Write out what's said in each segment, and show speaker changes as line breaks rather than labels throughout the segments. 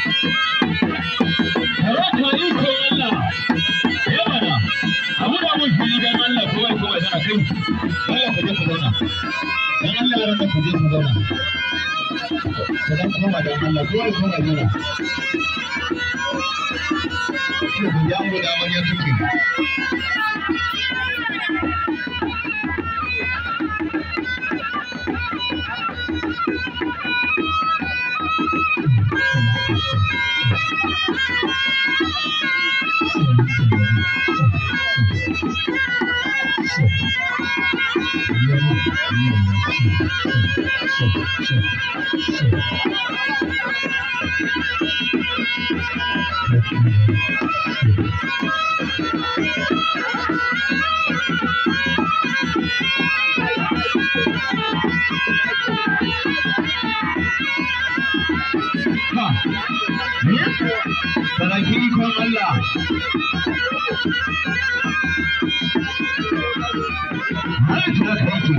Allah kawai kuma nuna. Ya mu da wani tuki. u Para h que con Allah रखंदी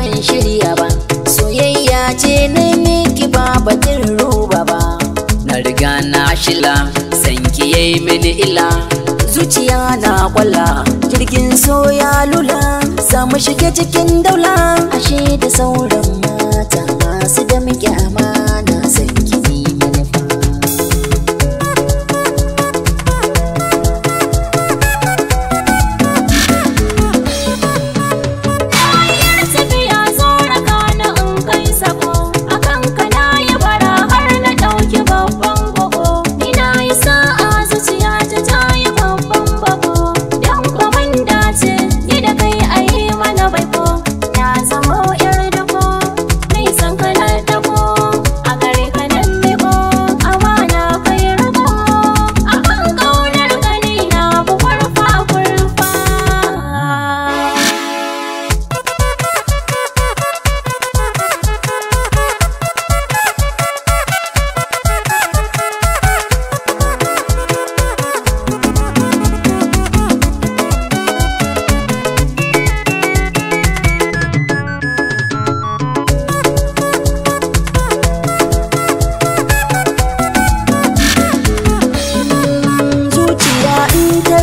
ban shirya ba soyayya ce na ki ba batun ruba ba na riga na shila sanki yayi mini ila zuciya na kwalla jirgin so ya lula samu shige cikin daula ashe da sauran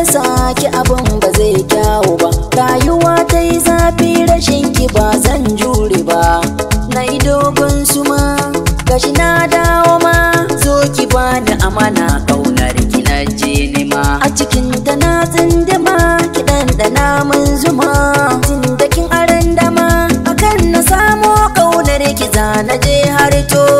rasa ki abin ba zai kyawu ba rayuwa ta yi zafi rashin ki ba zan jure ba na yi dogon suma gashi na dawo ma zo ki bani amana kaunar ki na je ma. a cikin ta na ma. ki ɗanɗana mun zuma tun da aran dama akan na samo kaunar ki za na je har to